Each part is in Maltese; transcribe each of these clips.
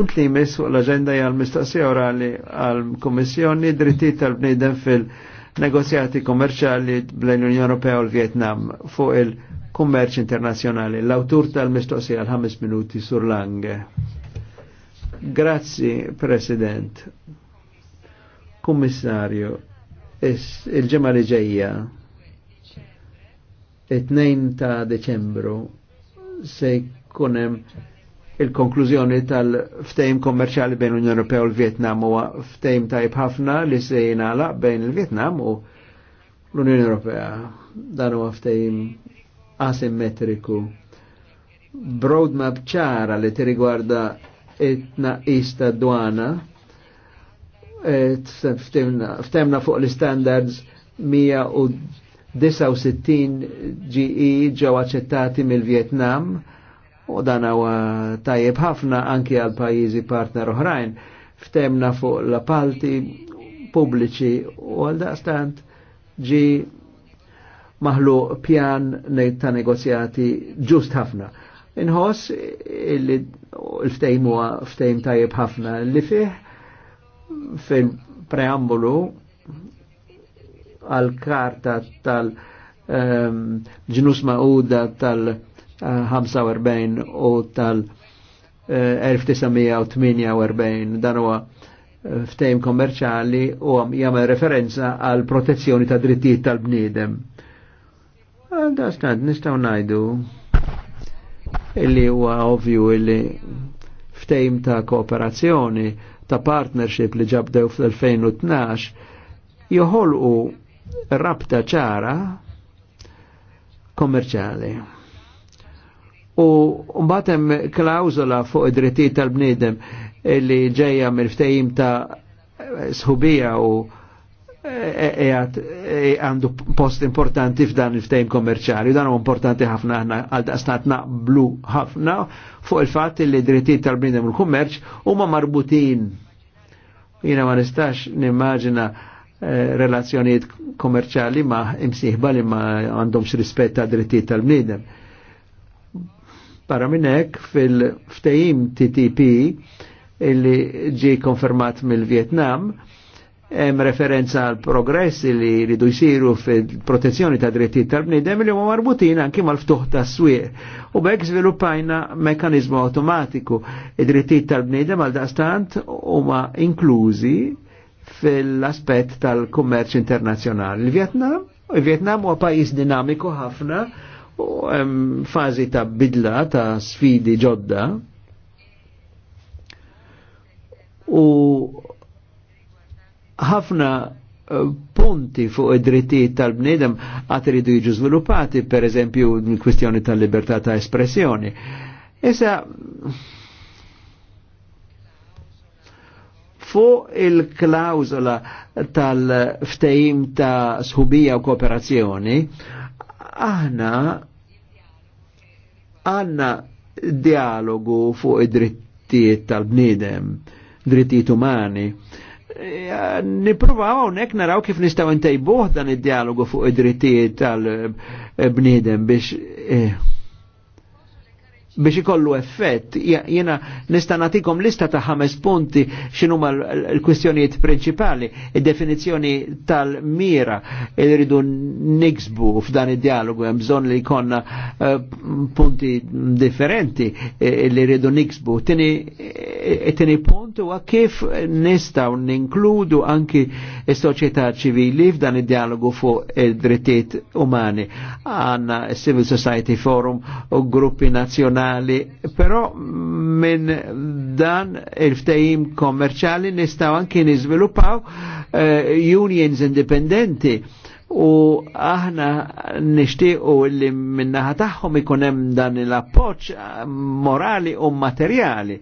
Punt li jmiss fuq l-agenda għal mistaqsi orali għal komissjoni dritti tal-bnejden fil-negozjati kommerċali bl unjoni Ewropea u l-Vietnam fuq il-kummerċ internazjonali. l autur tal mistaqsi għal ħames minuti sur Lange. Grazzi, President. Kummissarju, il-ġemma li ġejja, 2 ta' Deċembru, se jkunem il-konklużjoni tal-ftejm kommerċali bejn l-Unjoni Ewropea u l-Vietnam huwa ftejm tajb ħafna li se jingħalaq bejn il-Vietnam u l-Unjoni Ewropea. Dan huwa ftejm asimmetriku. Broadmap ċara li tirigwarda itna ista dwana ftemna fuq l-standards 169 GE ġew aċċettati mill-Vietnam u dan huwa tajjeb ħafna anki għal pajjiżi partner oħrajn ftemna fuq l-appalti pubbliċi u għal daqstant ġi maħlu pjan ta' negozjati ġust ħafna. Inħoss illi l-ftejm huwa ftejm tajjeb ħafna li fih fil preambulu għal-karta tal-ġnus ehm, ma'uda tal-, -tal tal-45 u tal-1948 dan huwa ftejm kommerċali u jagħmel referenza għal protezzjoni ta' drittijiet tal-bniedem. Da stant nistgħu ngħidu illi huwa ovvju illi ftejm ta' kooperazzjoni ta' partnership li ġabdew fl-2012 joħolqu rabta ċara kommerċali. U mbagħad hemm fuq id-drittijiet tal-bniedem li ġejja mill-ftehim ta' sħubija u e, e, e, għandu post importanti f'dan il-ftejn kommerċali, dan u importanti ħafna ħna għal daqsnat naqblu ħafna fuq il-fat li drittijiet tal-bnidem u l u huma marbutin. Jina ma nistax nimmaġina relazzjonijiet kommerċali ma imsiħba li ma għandhomx rispett ta' drittijiet tal-bnidem. Para minnek fil ftajim TTP illi ġi konfermat mill-Vietnam, hemm referenza għal progress li ridu jsiru fil-protezzjoni ta' dritti tal-bniedem li huma marbutin anki mal-ftuħ ta' swieq u bekk żviluppajna mekkaniżmu automatiku. Id-drittijiet tal-bniedem għal daqstant huma inklużi fil-aspett tal-kummerċ internazzjonali. Il-Vjetnam il-Vjetnam huwa pajjiż dinamiku ħafna u hemm fażi ta' bidla ta' sfidi ġodda u ħafna eh, punti fuq id-drittijiet tal-bnedem għat iridu jiġu żviluppati, per eżempju, kwistjoni tal-libertà ta' espressjoni. Issa, fuq il-klawzola tal ftehim ta' sħubija u kooperazzjoni, aħna għanna dialogu fuq id-drittijiet tal bnidem drittijiet umani. Nipruvaw Niprovaw naraw kif nistaw ntejbuh dan id-dialogu fuq id-drittijiet tal bnidem biex eh, biex ikollu effett. Jena nista' nagħtikom lista ta' ħames punti x'inhu l-kwistjonijiet prinċipali, id-definizzjoni tal-mira li rridu niksbu f'dan id-dialogu hemm bżonn li jkollna eh, punti differenti eh, li rridu niksbu. Tini, eh, punt huwa kif nistgħu ninkludu anki s-soċjetà ċivili f'dan id-dialogu fuq id-drittijiet umani. Għanna Għandna Civil Society Forum u gruppi nazzjonali kummerċali, però minn dan il ftajim kommerċali nistaw anki niżvilupaw uh, eh, unions indipendenti u aħna nishtiqu li minnaħa tagħhom ikun hemm dan l-appoġġ eh, morali u materiali.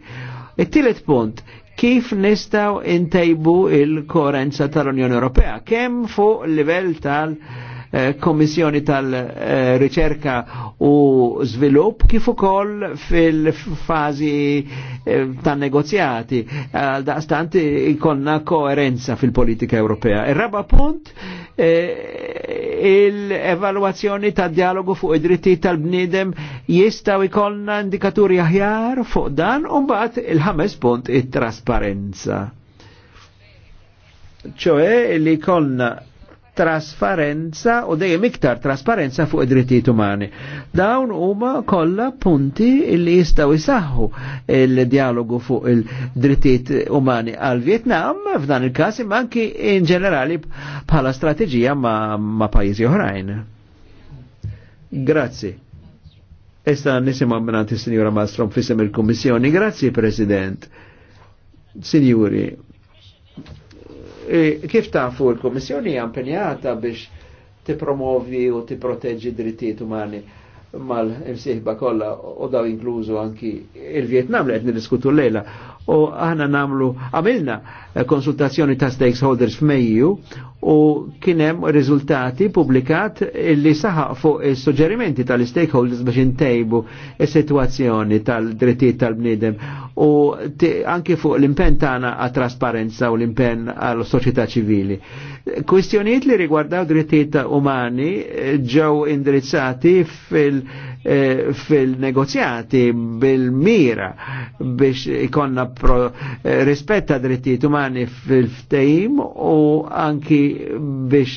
It-tielet punt, kif nistaw intajbu il-koerenza tal-Unjoni Ewropea, kemm fuq livell tal- Kommissjoni komissjoni tal-Riċerka u Svilupp kif ukoll fil fazi eh, tan-negozjati. Għal daqstant ikonna koerenza fil-politika Ewropea. Ir-raba punt eh, il-evaluazzjoni ta' dialogu fuq id-dritti tal-bnidem jistaw jkollna indikaturi aħjar fuq dan u mbagħad il-ħames punt it-trasparenza. Ċoe li konna trasparenza u dejjem iktar trasparenza fuq id-drittijiet umani. Dawn huma kollha punti li jistgħu jsaħħu il-dialogu fuq il-drittijiet umani għal Vietnam f'dan il-każ imma anki in ġenerali bħala strateġija ma', ma pajjiżi oħrajn. Grazzi. Esta nisimgħu minn sinjura Malstrom fissem il-Kummissjoni. Grazzi President. Sinjuri, E kif fu l-Komissjoni jampenjata biex ti-promovi u tipproteġġi drittijiet umani mal-imsieħba kollha u daw inkluzu anki il vietnam li qed l lejla u aħna namlu għamilna eh, konsultazzjoni ta' stakeholders f'Mejju u kienem riżultati publikat illi saħaq fuq is-suġġerimenti tal-stakeholders biex intejbu is-sitwazzjoni tal-drittijiet tal-bniedem u anke fuq l-impenn tagħna għat trasparenza u l-impenn għal soċjetà ċivili. Kwistjonijiet li rigwardaw drittijiet umani eh, ġew indirizzati fil- Eh, fil-negozjati bil-mira biex ikonna pro, eh, rispetta drittijiet umani fil-ftejim u anki biex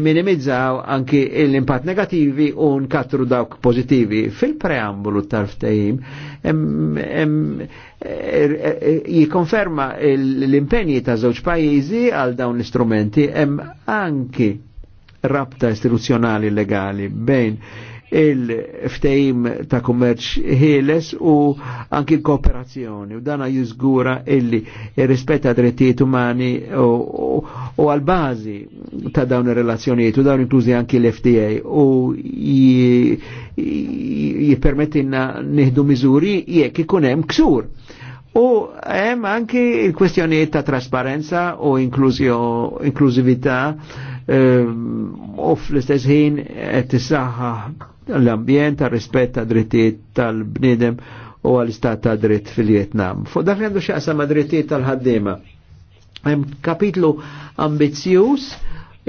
minimizzaw anki l-impatt negativi u nkattru dawk pozitivi. Fil-preambulu tal-ftejim er, er, er, jikonferma l-impenji ta' żewġ pajjiżi għal dawn l-istrumenti hemm anki rabta istituzzjonali legali bejn il-ftejim ta' kummerċ ħieles u anki kooperazzjoni u dana jizgura illi rispetta drittijiet umani u għal-bazi ta' dawn il-relazzjonijiet u dawn inkluzi anki l fda u jipermettinna nieħdu miżuri jekk ikun hemm ksur. U hemm anki il-kwestjonijiet ta' trasparenza u inklużività Ehm, u fl-istess ħin qed tisaħħa l-ambjent ta' rispett ta' drittijiet tal-bniedem u għal-istat ta' dritt fil vjetnam Fuq dak għandu xaqsa ma' drittijiet tal-ħaddiema. Hemm kapitlu ambizzjuż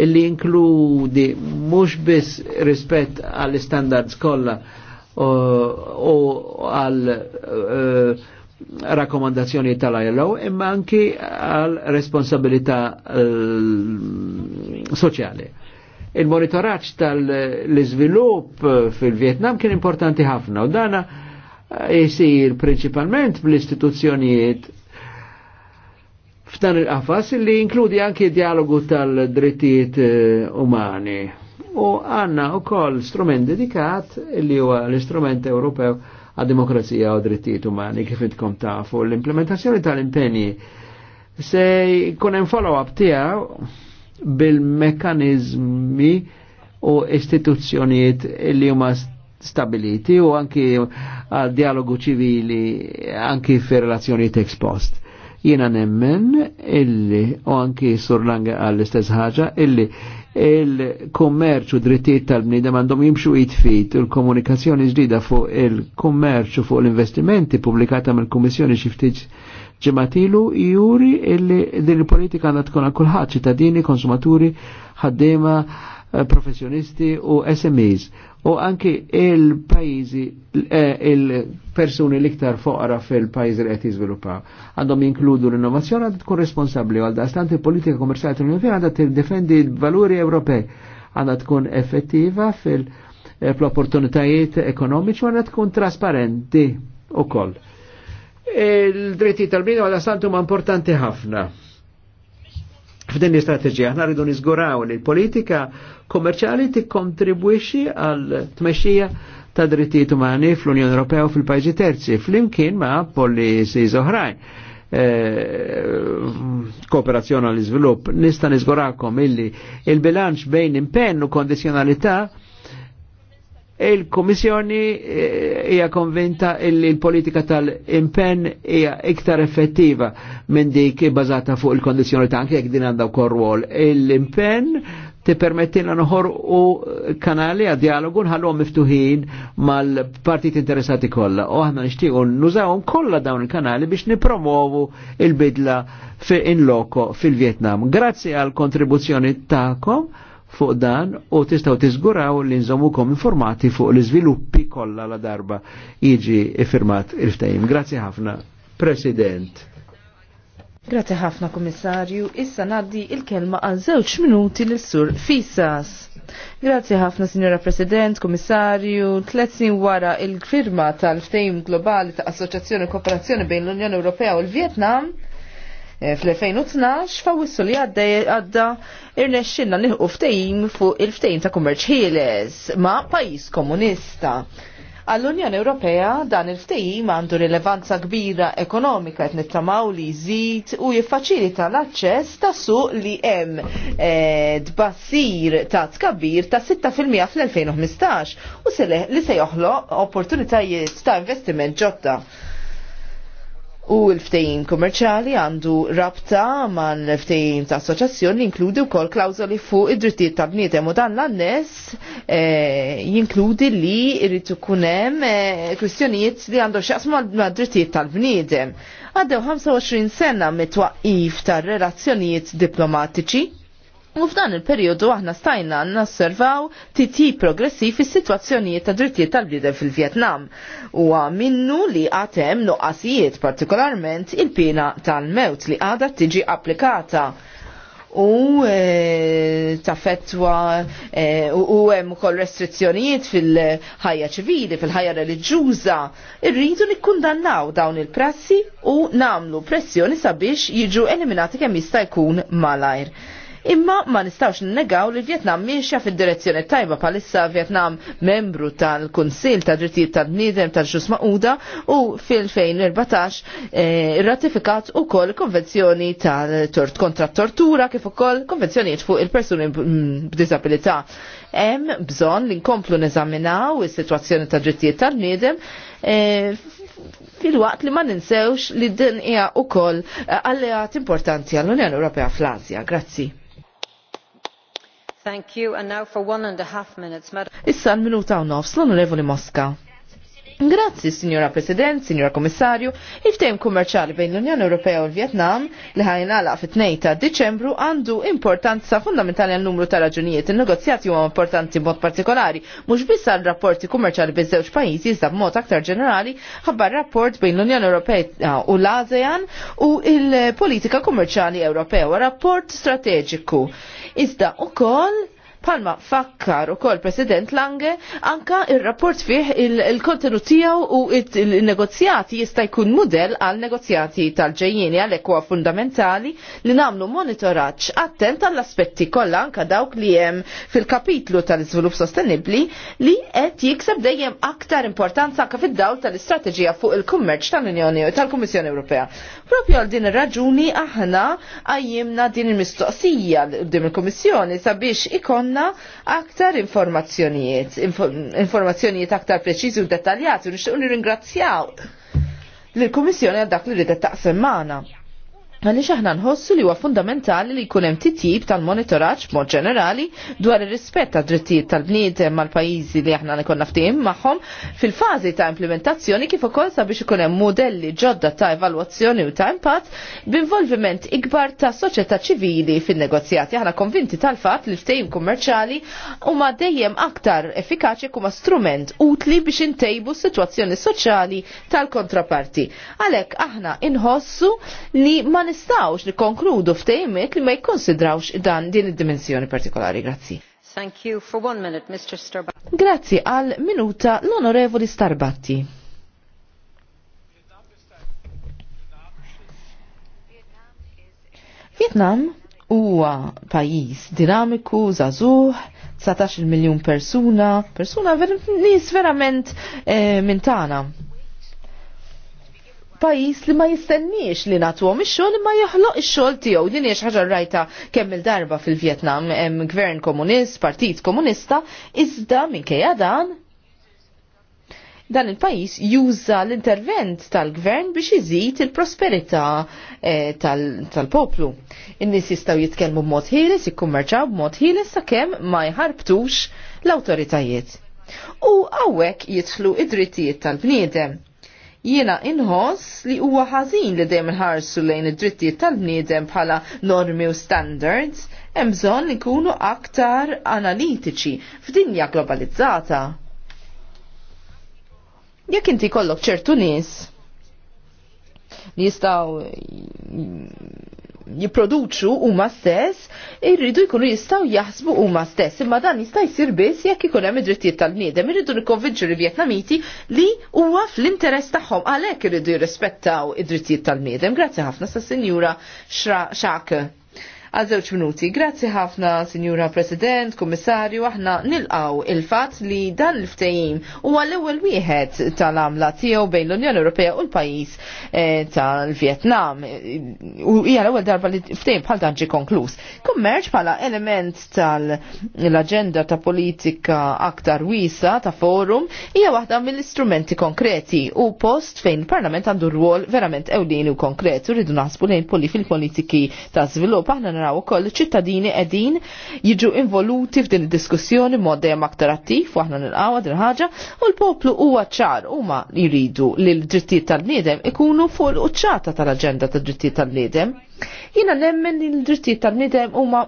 illi inkludi mhux biss rispett għall-istandards kollha uh, u għal uh, rakomandazzjoni tal-ILO imma anki għal responsabilità eh, soċjali. Il-monitoraċ tal-izvilup eh, fil-Vietnam kien importanti ħafna u dana eh, jisir principalment bl-istituzzjonijiet f'dan il-qafas li inkludi anki dialogu tal-drittijiet umani. U għanna u koll strument dedikat li huwa l-istrument Ewropew għad-demokrazija u drittijiet umani kif intkom tafu. L-implementazzjoni tal-impenji se jkun hemm follow-up tiegħu bil-mekkaniżmi u istituzzjonijiet li huma stabiliti u anki għal dialogu ċivili anki fi relazzjoni ex post Jiena nemmen illi u anki surlanga għall-istess ħaġa illi il-kommerċ u drittijiet tal-bniedem għandhom jimxu jitfit il-komunikazzjoni ġdida fuq il-kommerċ u fuq l-investimenti publikata mill-Kummissjoni xi ftit ġematilu juri il din il-politika għandha tkun għal kulħadd ċittadini, konsumaturi, ħaddiema, Eh, professjonisti u SMEs u anki il-pajizi, eh, il-persuni liktar foqra fil-pajizi li qed jiżviluppaw. Għandhom jinkludu l-innovazzjoni għad tkun responsabbli għal dastant il-politika kommerċjali tal-Unjoni għandha tiddefendi l-valuri Ewropej, għandha tkun effettiva fil-opportunitajiet eh, ekonomiċi u għandha tkun trasparenti u koll. Il-dritti tal-bnidem għal-assantu ma' importanti ħafna f'din l-istrateġija. Aħna rridu niżguraw li l-politika kommerċjali tikkontribwixxi għal tmexxija ta' drittijiet umani fl-Unjoni Ewropea u fil-pajjiżi terzi, flimkien ma' policies oħrajn. Eh, kooperazzjoni għall-iżvilupp nista' niżgurakom illi il-bilanċ bejn impenn u kondizjonalità Il-Komissjoni eh, hija konvinta li l-politika tal-impenn hija iktar effettiva minn dik bażata fuq il-kondizzjoni ta' anke jekk din għandha wkoll rwol. Il-impenn tippermettilna noħor u kanali għad dialogu nħallhom miftuħin mal-partit interessati kollha. U aħna nixtiequ nużawhom kollha dawn il-kanali biex nipromovu il-bidla fi in loko fil-Vjetnam. Grazzi għal kontribuzzjoni tagħkom fuq dan u tistaw tiżguraw li kom informati fuq l-iżviluppi kollha la darba jiġi firmat il-ftehim. Grazzi ħafna, President. Grazzi ħafna, Komissarju. Issa naddi il-kelma għal żewġ minuti l sur Fisas. Grazzi ħafna, Signora President, Komissarju. Tlet wara il-firma tal-ftehim globali ta' Assoċjazzjoni Kooperazzjoni bejn l-Unjoni Ewropea u l vietnam Eh, fl-2012 fawissu li għadda irnexxinna nilħu ftejim fuq il-ftejim ta' kummerċ ħieles ma' pajis komunista. Għall-Unjoni Ewropea dan il-ftejim għandu rilevanza kbira ekonomika qed nittamaw li jżid u jiffaċilita l-aċċess ta' suq li hemm e, tbassir ta' tkabbir ta' 6% fl-2015 u li se joħloq opportunitajiet ta' investiment ġodda U l ftejn kommerċali għandu rabta ma' l ftejn ta' assoċazzjoni jinkludi u kol klawzoli fuq id-drittijiet ta' bnietem u dan l-annes eh, jinkludi li irrit kunem eh, kwistjonijiet li għandu xaqsmu ma' drittijiet tal-bniedem. Għaddew 25 sena mit-twaqif ta' relazzjonijiet diplomatiċi U f'dan il-periodu aħna stajna nasservaw titi progressiv fis situazzjonijiet ta' drittijiet tal bliden fil-Vietnam. U minnu li għatem nuqqasijiet partikolarment il-pina tal-mewt li għada tiġi applikata u e, ta' fetwa e, u hemm ukoll restrizzjonijiet fil-ħajja ċivili, fil-ħajja reliġjuża. Irridu nikkundannaw dawn il-prassi u namlu pressjoni sabiex jiġu eliminati kemm jista' jkun malajr. Imma ma nistawx n-negaw li Vietnam miexja fid-direzzjoni tajba palissa Vietnam membru tal-Kunsil ta' drittijiet tal-Bniedem tal-Ġus Mauda u fil-2014 eh, ratifikat u ukoll konvenzjoni tal-tort kontra tortura kif ukoll konvenzjonijiet fuq il-persuni mm, b'disabilità. Hemm bżonn li nkomplu neżaminaw is-sitwazzjoni ta' drittijiet tal-bniedem eh, fil-waqt li ma ninsewx li din hija ukoll eh, alleat importanti għall-Unjoni Ewropea fl-Asja. Grazzi. Issa l-minuta u nofs, l-onorevoli Mosca. Grazzi, Signora President, Signora Komissarju, il-ftejm kummerċali bejn l-Unjoni Ewropea u l-Vjetnam li ħajnala fit-2 ta' Deċembru għandu importanza fundamentali għal numru ta' raġunijiet. Il-negozjati huwa importanti b'mod partikolari, mhux biss għal rapporti kummerċali bejn żewġ pajjiżi iżda b'mod aktar ġenerali ħabbar rapport bejn l-Unjoni Ewropea u l-ASEAN u l politika kummerċali Ewropea, rapport strateġiku. Iżda ukoll Palma fakkar u kol President Lange anka il-rapport fih il-kontenut tijaw u il-negozjati jista' jkun model għal negozjati tal-ġejjini għal ekwa fundamentali li namlu monitoraċ attent għall aspetti kollha anka dawk li hemm fil-kapitlu tal-iżvilupp sostenibli li qed jikseb dejjem aktar importanza anka fid-dawl tal-istrateġija fuq il-kummerċ tal-Unjoni tal-Kummissjoni Ewropea. Propju għal din ir-raġuni aħna għajjimna din il-mistoqsija din il-Kummissjoni sabiex ikon ikonna aktar informazzjonijiet, informazzjonijiet aktar preċiżi u dettaljati u nixtiequ nirringrazzjaw l kummissjoni għal dak li ridet taqsem maħna għaliex aħna nħossu li huwa fundamentali li jkun hemm titjib tal-monitoraġġ mod ġenerali dwar ir-rispett tad drittijiet tal-bniedem mal-pajjiżi li aħna nkun naftim magħhom fil-fażi ta' implementazzjoni kif ukoll sabiex ikun hemm modelli ġodda ta' evalwazzjoni u ta' impatt b'involviment ikbar ta' soċjetà ċivili fin-negozjati. Aħna konvinti tal-fatt li ftehim kummerċali huma dejjem aktar effikaċi huma strument utli biex intejbu s-sitwazzjoni soċjali tal-kontraparti. Għalhekk aħna inħossu li ma nistawx nikkonkludu ftejmet li ma jikkonsidrawx dan din id-dimensjoni partikolari. Grazzi. Thank you for one minute, Mr. Starbatti. Grazzi għal minuta l-onorevoli Starbatti. Vietnam huwa pajjiż dinamiku, zazuh, 19 miljun persuna, persuna ver, nis verament e, eh, minn tagħna pajis li ma jistenniex li natuhom ix-xogħol ma joħloq ix-xogħol tiegħu. Din hija ħaġa rajta kemm il-darba fil-Vjetnam hemm gvern komunist, partit komunista, iżda minkejja dan dan il-pajis juża l-intervent tal-gvern biex iżid il-prosperità eh, tal-poplu. -tal In-nies jistgħu jitkellmu b'mod ħieles, jikkummerċaw b'mod ħieles sakemm ma jħarbtux l-awtoritajiet. U għawek jidħlu id-drittijiet tal-bniedem Jiena inħoss li huwa ħażin li dejjem ħarsu lejn id-drittijiet tal-bniedem bħala normi u standards, hemm bżonn ikunu aktar analitiċi f'dinja globalizzata. Jekk inti kollok ċertu nies li jistgħu jipproduċu huma stess, irridu jkunu jistgħu jaħsbu huma stess. Imma dan jista' jsir biss jekk ikun hemm id-drittijiet tal-bniedem, irridu nikkonvinċu l-Vjetnamiti li huwa fl-interess tagħhom għalhekk irridu jirrispettaw id-drittijiet tal-bniedem. Grazzi ħafna sa' Sinjura Xak għal żewġ minuti. Grazzi ħafna, Sinjura President, Kummissarju, aħna nilqaw il-fatt li dan l ftejim huwa l-ewwel wieħed tal-għamla tiegħu bejn l-Unjoni Ewropea u l-pajjiż eh, tal-Vjetnam. U hija l-ewwel darba li ftejim bħal dan ġi konkluż. Kummerċ bħala element tal-aġenda ta' politika aktar wisa ta' forum hija waħda mill-istrumenti konkreti u post fejn parlament għandu rwol verament ewlieni u konkret u rridu naħsbu lejn poli fil-politiki ta' żvilupp aħna naraw ukoll ċittadini qegħdin jiġu involuti f'din id-diskussjoni mod dejjem aktar attiv u aħna nilqgħu din ħaġa u l-poplu huwa ċar huma jridu li l-drittijiet tal-bniedem ikunu fuq l-quċċata tal-aġenda tad-drittijiet tal-bniedem. Jina nemmen il-drittijiet tal-nidem huma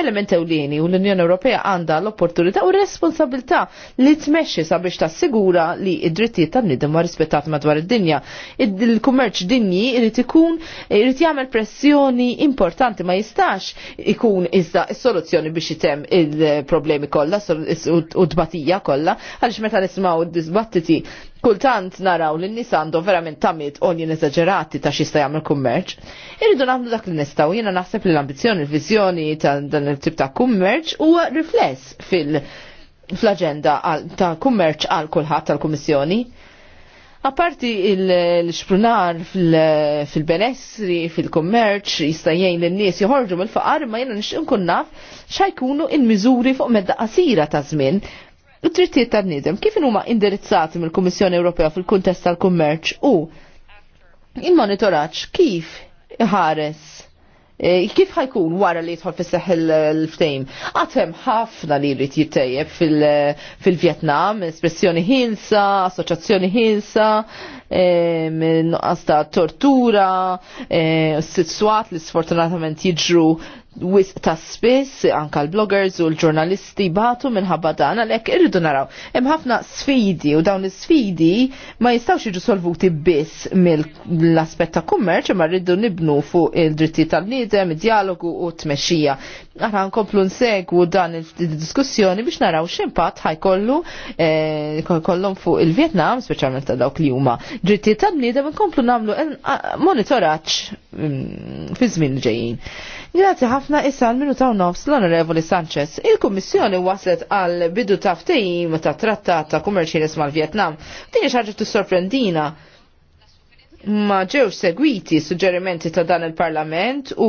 element ewlieni u l-Unjoni Ewropea għandha l-opportunità u responsabilità li tmexxi sabiex tassigura li id-drittijiet tal-nidem ma rispettati madwar id-dinja. Il-kummerċ dinji irid ikun irid jagħmel pressjoni importanti ma jistax ikun iżda s-soluzzjoni biex jitem il-problemi kollha u d-batija kollha għaliex meta nisimgħu d-dibattiti kultant naraw li n-nis għandhom verament tamit onjen eżagġerati ta' xista jagħmel kummerċ. Irridu nagħmlu dak li nistaw jiena naħseb li l-ambizzjoni, l-viżjoni ta' dan il-tip ta' kummerċ huwa rifless fil- fl-agenda ta' kummerċ għal kulħadd tal-Kummissjoni. Apparti l-xprunar fil-benessri, fil-kommerċ, jistajjen l-nies joħorġu mill-faqar, ma jena nix nkun naf xajkunu il-mizuri fuq medda qasira ta' żmien it-trittijiet tal-bniedem kif huma indirizzati mill-Kummissjoni Ewropea fil-kuntest tal-kummerċ u il-monitoraġġ kif ħares e, kif ħajkun wara li jidħol fis seħħ il ftejm Għatem ħafna li jrid jittejjeb fil-Vjetnam, espressjoni ħilsa, assoċjazzjoni ħilsa, tortura, e, ta' tortura, e, swat li sfortunatament jiġru wis ta' spiss anka l-bloggers u l-ġurnalisti batu minħabba dan għalhekk irridu naraw. Hemm ħafna sfidi u dawn is-sfidi ma jistgħux jiġu solvuti biss mill-aspett ta' kummerċ imma rridu nibnu fuq il-dritti tal-niedem, id-dialogu u t-tmexxija. Aħna nkomplu nsegwu dan il-diskussjoni biex naraw x'impatt ħajkollu eh, kollhom fuq il-Vjetnam, speċjalment ta' dawk li huma dritti tal nidem nkomplu nagħmlu eh, monitoraġġ mm, fi żmien ġejjin. Grazzi ħafna ħafna issa l-minuta u nofs l-Onorevoli Sanchez. Il-Kummissjoni waslet għal bidu taftim ta' trattat ta' kummerċilis mal-Vietnam. Din xaġa t-sorprendina ma ġewx segwiti suġġerimenti ta' dan il-Parlament u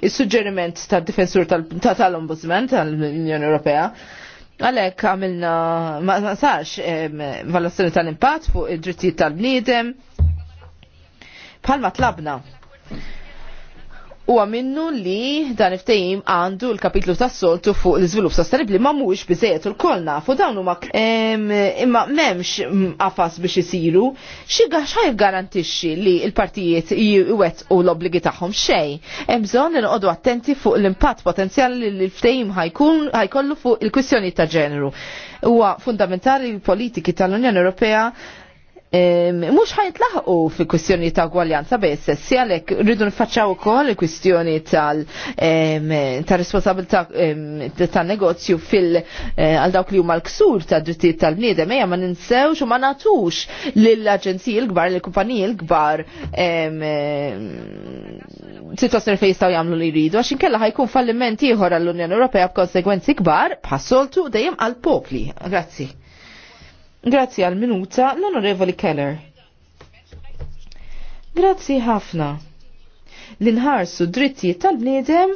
il-suġġeriment ta' difensur tal-Ombudsman tal-Unjoni Ewropea. Għalek għamilna ma' sarx valutazzjoni tal-impatt fuq id-drittijiet tal-bniedem. Palma tlabna. U għaminnu li dan iftajim għandu l-kapitlu ta' soltu fuq l-izvilup sostenibli ma' mux bizzejet l kolna Fu dawn huma imma memx għafas biex jisiru, xiga xaj garantixi li l-partijiet jwet u l-obligi tagħhom xej. Emżon li noqogħdu attenti fuq l-impatt potenzjali li l iftajim ħajkollu fuq il-kwistjoni ta' ġeneru. Huwa fundamentali l-politiki tal-Unjoni Ewropea mux ħajtlaħqu fi kwestjoni ta' gwaljanza bese, si għalek rridu nfaċċaw ukoll il-kwestjoni tal responsabilta ta' negozju fil- eh, għal dawk li huma l-ksur ta' drittijiet tal-bniedem, ejja ma ninsewx u ma natux lill-aġenziji l-kbar, lill-kumpaniji l gbar situazzjoni fej jistgħu jagħmlu li jridu għaxin kella ħajkun falliment ieħor għall-Unjoni Ewropea b'konsegwenzi kbar bħas-soltu dejjem għall-popli. Grazzi. Grazzi għal minuta l-Onorevoli Keller. Grazzi ħafna. L-inħarsu drittijiet tal-bniedem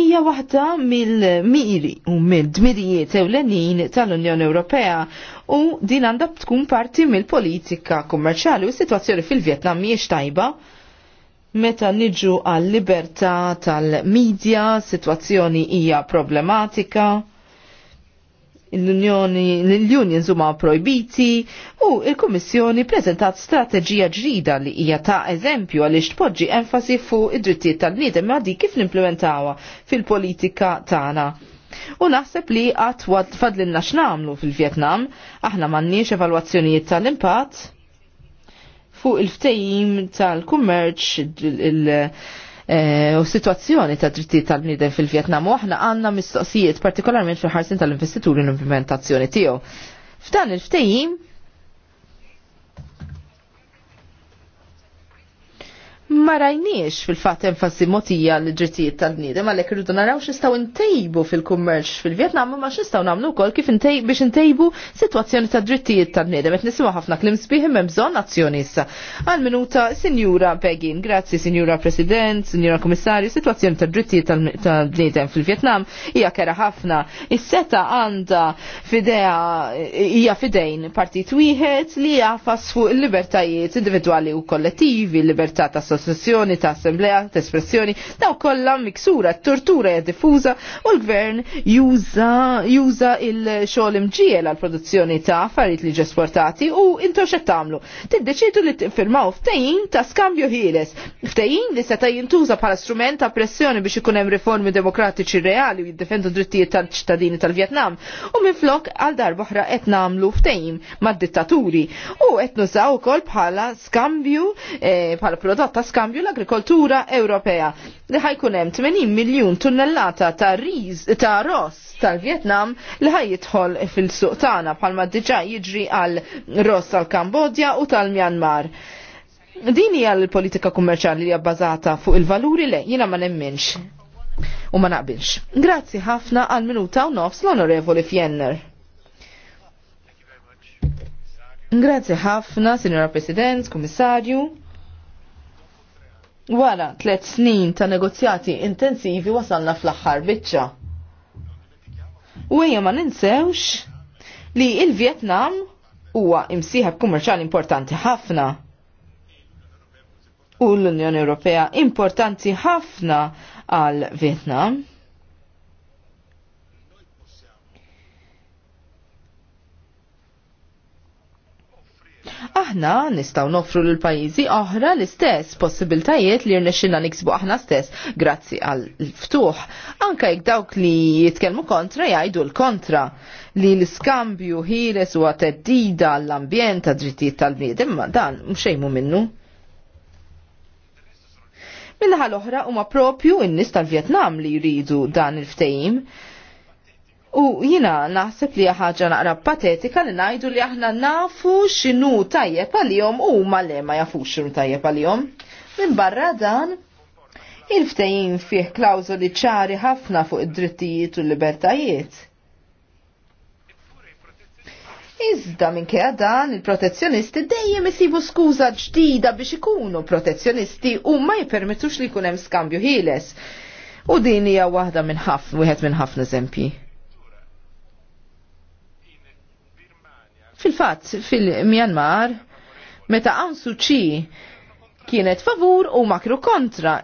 hija waħda mill-miri u mill-dmirijiet ewlenin tal-Unjoni Ewropea u din għandha tkun parti mill-politika kummerċjali u s-sitwazzjoni fil-Vjetnam mhijiex tajba meta niġu għal libertà tal-medja, situazzjoni hija problematika l-Unjoni, l-Unions huma projbiti u il-Kummissjoni prezentat strateġija ġrida li hija ta' eżempju għaliex tpoġġi enfasi fuq id-drittijiet tal nidem ma' di kif l-implementawa fil-politika tagħna. U naħseb li għat wad fadlinna x'namlu fil-Vjetnam, aħna m'għandniex evalwazzjonijiet tal-impatt fuq il-ftejim tal-kummerċ, il-, -il Eh, u situazzjoni ta' drittijiet tal-bniedem fil-Vjetnam u aħna għandna mistoqsijiet partikolarment fil-ħarsin tal-investituri l-implementazzjoni tiegħu. F'dan il-ftehim ma rajniex fil-fat enfasi motija l-ġirtijiet tal-bniedem għalhekk irridu naraw x'istgħu ntejbu fil-kummerċ fil-Vjetnam ma x'istgħu nagħmlu wkoll kif biex intejbu sitwazzjoni ta' drittijiet tal-bniedem et nisimgħu ħafna kliem sbieħ hemm bżonn azzjoni issa. Għal minuta Sinjura Begin, grazzi Sinjura President, signora Kummissarju, sitwazzjoni ta' drittijiet tal-bniedem fil-Vjetnam hija kera ħafna. Is-seta għandha fidea hija fidejn partit wieħed li jafas fuq il-libertajiet individwali u kollettivi, libertà ta' Sessjoni, ta' assemblea, ta' espressjoni, daw kollha miksura, tortura hija diffuża u l-gvern juża il-xogħol imġiel għal produzzjoni ta' affarijiet li ġesportati u intox qed tagħmlu. Tiddeċidu li tiffirmaw ftehim ta' skambju ħieles, ftehim li seta' jintuża bħala strument ta' pressjoni biex ikun hemm riformi demokratiċi reali u jiddefendu drittijiet tal-ċittadini tal-Vjetnam u minflok għal dar oħra qed nagħmlu ftehim mad-dittaturi u qed nużaw ukoll bħala skambju eh, bħala prodott ta' skambju l-agrikoltura Ewropea li ħajkun hemm 80 miljun tunnellata ta' riż ta' ross tal-Vjetnam li ħajjidħol fil-suq tagħna bħalma diġà jiġri għal ross tal-Kambodja u tal-Mjanmar. Din hija l-politika kummerċjali li bbażata fuq il-valuri le jiena ma nemminx u ma naqbilx. Grazzi ħafna għal minuta u nofs l-Onorevoli Fjenner. Grazzi ħafna, Signora President, Kummissarju. Wara tliet snin ta' negozjati intensivi wasalna fl-aħħar biċċa. U ejja ma ninsewx li il-Vjetnam huwa imsieħeb kummerċjali importanti ħafna. U l-Unjoni Ewropea importanti ħafna għal Vjetnam. aħna nistgħu nofru lil pajjiżi oħra l-istess possibiltajiet li rnexxinna niksbu aħna stess grazzi għal ftuħ. Anka jekk dawk li jitkellmu kontra jgħidu l-kontra li l-skambju ħieles u għateddida l-ambjent ta' drittijiet tal-bniedem, ma dan mxejmu minnu mill-ħal oħra huma propju n-nies tal-Vjetnam li jridu dan il-ftehim. U jina naħseb li ħaġa naqra patetika li najdu li aħna nafu xinu tajjeb għal-jom u ma le ma jafu xinu tajjeb għal-jom. Min barra dan, il-ftajin fih klawżoli ċari ħafna fuq id-drittijiet u l-libertajiet. Iżda kja dan il-protezzjonisti dejjem isibu skuża ġdida biex ikunu protezzjonisti u ma jipermettux li jkun hemm skambju ħieles. U din hija waħda minn ħafna wieħed minn ħafna eżempji. Fil-fatt, fil-Myanmar, meta Aung Suu Kyi kienet favur u makru kontra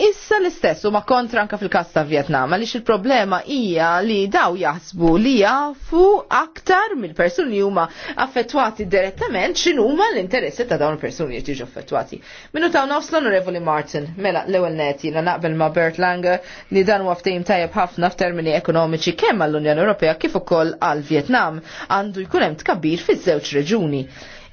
issa l-istess u ma kontra anka fil-kas ta' Vietnam, għaliex il-problema hija li daw jaħsbu li jafu aktar mill-persuni huma affettwati direttament x'inhuma l-interessi ta' dawn il-persuni li tiġu affettwati. Minu ta' nofs l-Onorevoli Martin, mela l-ewwel neti, jiena naqbel ma' Bert Lange li dan huwa ftehim tajjeb ħafna f'termini ekonomiċi kemm għall-Unjoni Ewropea kif ukoll għall-Vjetnam għandu jkun hemm tkabbir fiż-żewġ reġuni.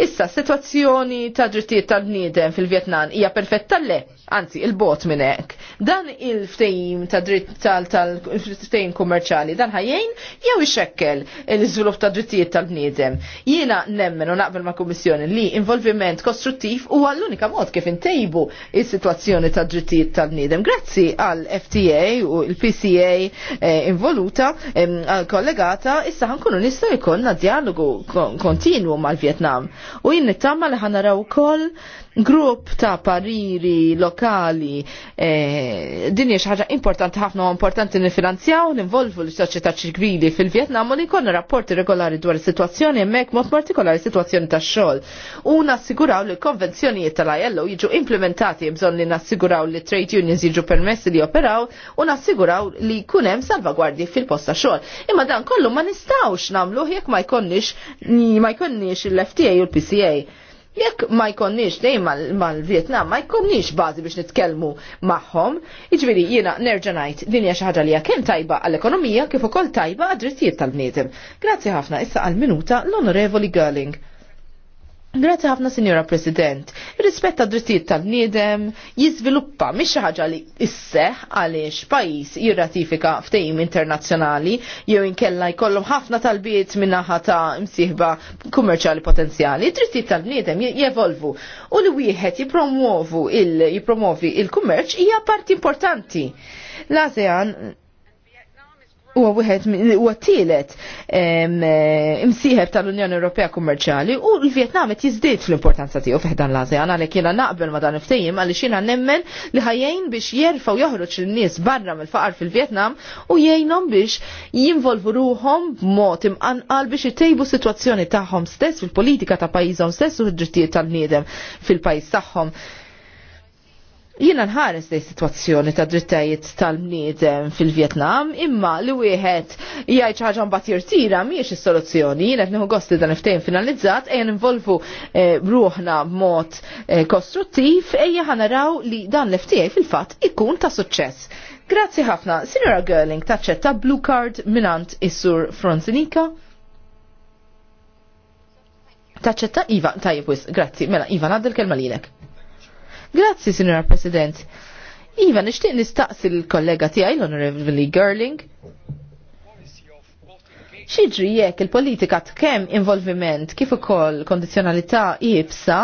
Issa, situazzjoni ta' drittijiet tal-bniedem fil-Vjetnam hija perfetta le anzi il-bot minn hekk. Dan il-ftejim ta' dritt tal ftejm kummerċali dan ħajjejn jew ixekkel l-iżvilupp ta' drittijiet tal-bniedem. Jiena nemmen u naqbel ma' kummissjoni li involviment kostruttiv huwa l-unika mod kif intejbu is-sitwazzjoni ta' drittijiet tal-bniedem. Grazzi għal FTA u l-PCA eh, involuta kollegata issa ħankunu nistaw jkollna dialogu kontinu mal-Vjetnam. U jien nittama li ħanaraw ukoll grupp ta' pariri lokali eh, din hija ħaġa importanti ħafna u importanti nifinanzjaw, ninvolvu l-soċjetà ċivili fil-Vjetnam u li jkollna rapporti regolari dwar is-sitwazzjoni hemmhekk mod partikolari sitwazzjoni tax-xogħol. U nassiguraw li l-konvenzjonijiet tal-ILO jiġu implementati bżonn li nassiguraw li trade unions jiġu permessi li operaw u nassiguraw li jkun hemm salvagwardji fil-posta xogħol. Imma dan kollu ma nistgħux nagħmluh jekk ma jkollniex ma jkollniex il-FTA u l-PCA Jekk ma jkonniex dejjem mal-Vjetnam, ma jkonniex bażi biex nitkellmu magħhom, jiġifieri jiena nerġa' ngħid din hija xi ħaġa li hija kemm tajba għall-ekonomija kif ukoll tajba għad-drittijiet tal-bniedem. Grazzi ħafna issa għall minuta l-Onorevoli Girling. Grazie ħafna, Signora President. Rispetta drittijiet tal-bniedem jiżviluppa mhix xi ħaġa li isseħ għaliex pajjiż jirratifika ftehim internazzjonali jew inkella jkollhom ħafna talbiet min-naħa ta' msieħba kummerċjali potenzjali. Drittijiet tal-bniedem jevolvu u li wieħed jipromuovu il-kummerċ hija parti importanti. L-ASEAN huwa wieħed huwa tielet eh, imsieħeb tal-Unjoni Ewropea Kummerċjali u l-Vjetnam qed jiżdied fl-importanza tiegħu fih dan l-ASEAN għalhekk jiena naqbel ma dan iftejjem għaliex jiena nemmen li ħajjin biex jerfgħu joħroġ lin-nies barra mill-faqar fil-Vjetnam u jgħinhom biex jinvolvu ruhom b'mod imqanqal biex itejbu sitwazzjoni tagħhom stess fil-politika ta' pajjiżhom stess u d-drittijiet tal niedem fil-pajjiż tagħhom. Jina nħares dej situazzjoni ta' drittajiet tal-bniedem fil-Vietnam, imma li wieħed jgħid ħaġa mbagħad jirtira miex is-soluzzjoni. Jiena qed nieħu gosti dan iftejn finalizzat ejja involvu eh, ruħna b'mod eh, kostruttiv ejja naraw li dan l-FTA fil-fatt ikun ta' suċċess. Grazzi ħafna, Sinora Girling taċċetta Blue Card minant is-sur Fronzinika. Taċċetta Iva, tajjeb wis, grazzi, mela Iva, naddil kelma lilek. Grazzi, Signora President. Iva, nishtiq nistaqsi l-kollega tiegħi l honorable Gerling. Xiġri jekk il-politika tkemm involviment kif ukoll kondizjonalità jibsa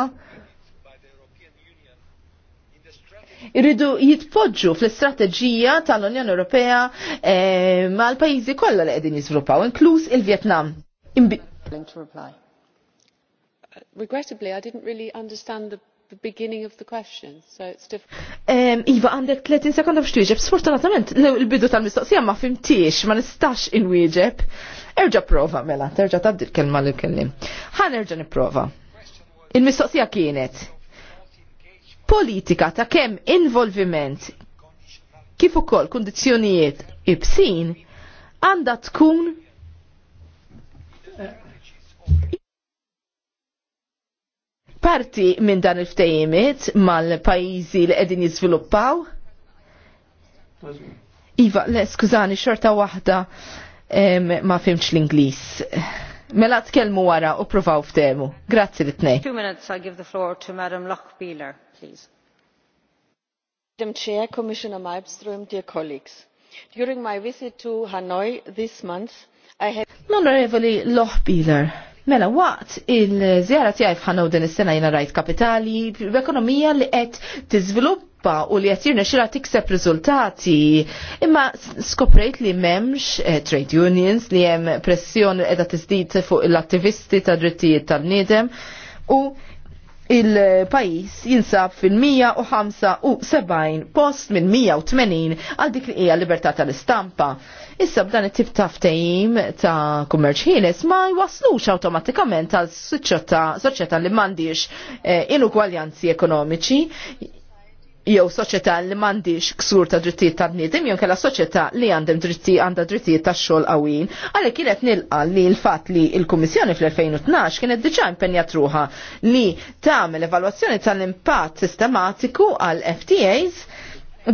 irridu jitpoġġu fl-istrateġija tal-Unjoni Ewropea eh, mal-pajjiżi kollha li qegħdin jiżviluppaw, inkluż il-Vjetnam. Uh, regrettably, I didn't really understand the the beginning of the question, so it's difficult. Iva, għandek 30 sekonda biex twieġeb. Sfortunatament, l-bidu tal-mistoqsija ma fimtiex, ma nistax inwieġeb. Erġa prova, mela, terġa tabdil kelma li kellim. Ħan erġa nipprova. Il-mistoqsija kienet politika ta' kemm involviment kif ukoll kundizzjonijiet ibsin għandha tkun parti minn dan il-ftejimiet mal-pajizi li qegħdin jizviluppaw? Iva, le, skużani, xorta waħda ma fimx l-Inglis. Mela tkellmu wara u provaw ftemu. Grazzi l-tnej. Two minutes, I give the floor to Madam Beeler, please. Madam Chair, Commissioner Malmström, dear colleagues. During my visit to Hanoi this month, I had... L-Onorevoli Beeler. Mela, waqt il-żjara tijaj fħanaw din is-sena jina rajt kapitali, l-ekonomija li qed tiżviluppa u li qed jirnexxilha tikseb riżultati. Imma skoprejt li m'hemmx eh, trade unions li hemm pressjoni qiegħda tiżdid fuq l-attivisti ta' drittijiet tal-bniedem u il-pajis jinsab fil-175 post minn 180 għal dik li hija libertà tal-istampa. Issa b'dan it-tip ta' ftehim ta' kummerċ ħieles ma jwaslux awtomatikament għal soċjetà li m'għandix eh, inugwaljanzi ekonomiċi jew soċjetà li m'għandix ksur ta' drittijiet ta' bniedem jew kella soċjetà li għandhom drittijiet għandha drittijiet ta' xogħol qawwin. Għalhekk kienet nilqa li l-fatt li l-Kummissjoni fl-2012 kienet diġà impenjat ruħa li tagħmel evalwazzjoni tal-impatt sistematiku għal FTAs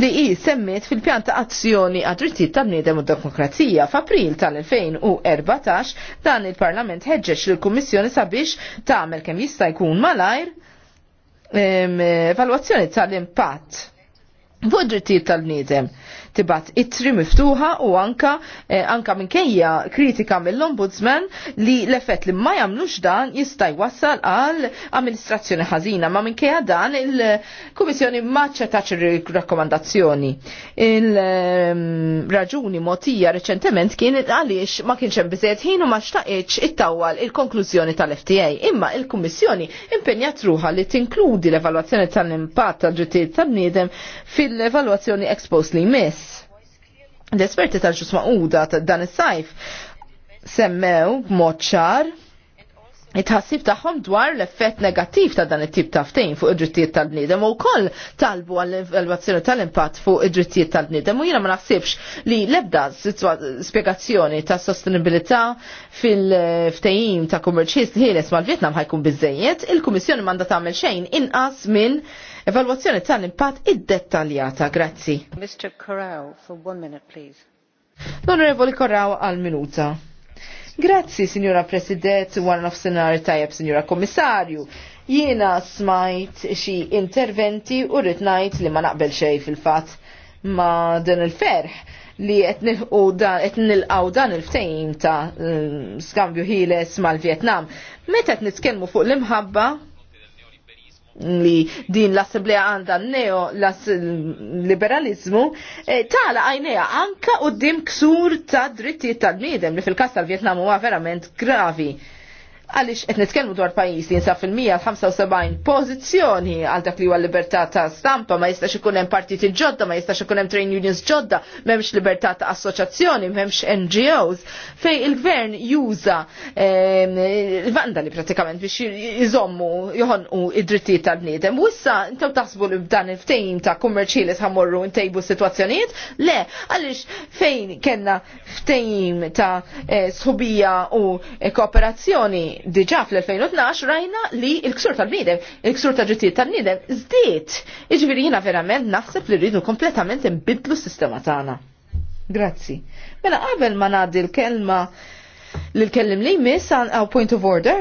li i semmiet fil-pjan ta' azzjoni għad drittijiet ta' bniedem u demokrazija f'April tal-2014 dan il-Parlament ħeġġeġ lill kummissjoni sabiex tagħmel kemm jista' jkun malajr Ehm, evalwazzjoni tal-impatt fuq id-drittijiet tal-bniedem. tal bniedem tibat tri miftuħa u anka eh, anka minkejja kritika mill-ombudsman li l-effett li ma jagħmlux dan jista' jwassal għal amministrazzjoni ħażina ma kejja dan il-Kummissjoni ma ċetax ir-rakkomandazzjoni. Il-raġuni motija reċentement kien għaliex ma kienx hemm biżejjed ħin u ma xtaqitx ittawwal il-konklużjoni tal-FTA. Imma il-Kummissjoni impenjat ruħa li tinkludi l-evalwazzjoni tal-impatt tal-ġittijiet tal-bniedem fil-evalwazzjoni ex post li jmiss. L-esperti tal ġusma uda dan is-sajf semmew b'mod ċar it-ħassib taħħom dwar l-effett negattiv ta' dan it-tip ta' ftejn fuq id-drittijiet tal-bniedem u koll talbu għall-evalwazzjoni tal-impatt fuq id-drittijiet tal-bniedem u jiena ma naħsibx li lebda spiegazzjoni ta' sostenibilità fil ftejn ta' kummerċist ħieles mal-Vjetnam ħajkun bizzejiet, il-Kummissjoni manda tagħmel xejn inqas minn evalwazzjoni tal-impatt id-dettaljata. Grazzi. Mr. Corral, for one minute, please. L-Onorevoli Corral għal minuta. Grazzi, Signora President, One of Senar tajab, Signora Komissarju. Jiena smajt xi interventi u ritnajt li ma naqbel xej fil-fat ma dan il-ferħ li qed dan qed nilqgħu dan il-ftehim ta' mm, skambju ħieles mal-Vjetnam. Meta qed nitkellmu fuq l-imħabba li din l-assemblea għanda neo-liberalizmu, e, tala għajneja anka u dim ksur ta' drittijiet tal-bniedem li fil-kas tal-Vietnam huwa verament gravi għalix qed nitkellmu dwar pajis li jinsab fil-mija 75 pożizzjoni għal dak li huwa libertà ta' stampa, ma jistax ikun hemm partiti ġodda, ma jistax ikun hemm train unions ġodda, m'hemmx libertà ta' assoċjazzjoni, m'hemmx NGOs, fej il-gvern juża ehm, vandali pratikament biex jizommu joħonqu id-drittijiet tal-bniedem. U issa intew taħsbu li b'dan il ftejn ta' kummerċjali ħamorru ntejbu sitwazzjonijiet? Le, għaliex fejn kellna ftejn ta' eh, sħubija u eh, kooperazzjoni diġa fl-2012 rajna li il-ksur tal-bnidem, il-ksur tal-ġittijiet tal-bnidem, zdiet. Iġviri jina verament naħseb li rridu kompletament imbidlu s-sistema tagħna. Grazzi. Mela qabel ma ngħaddi l-kelma li l-kellim li jmiss għaw point of order.